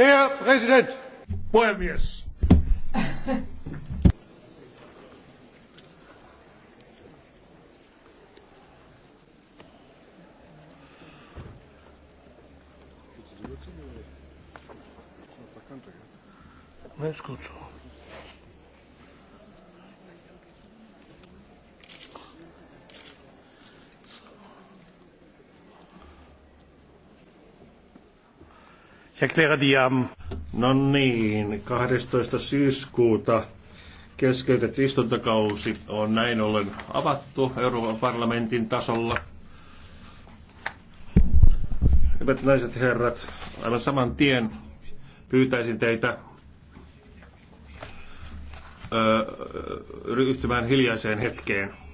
Der Präsident! Puhemies! No es No niin, 12. syyskuuta keskeytetty istuntokausi on näin ollen avattu Euroopan parlamentin tasolla. Hyvät naiset herrat, aivan saman tien pyytäisin teitä ryhtymään hiljaiseen hetkeen.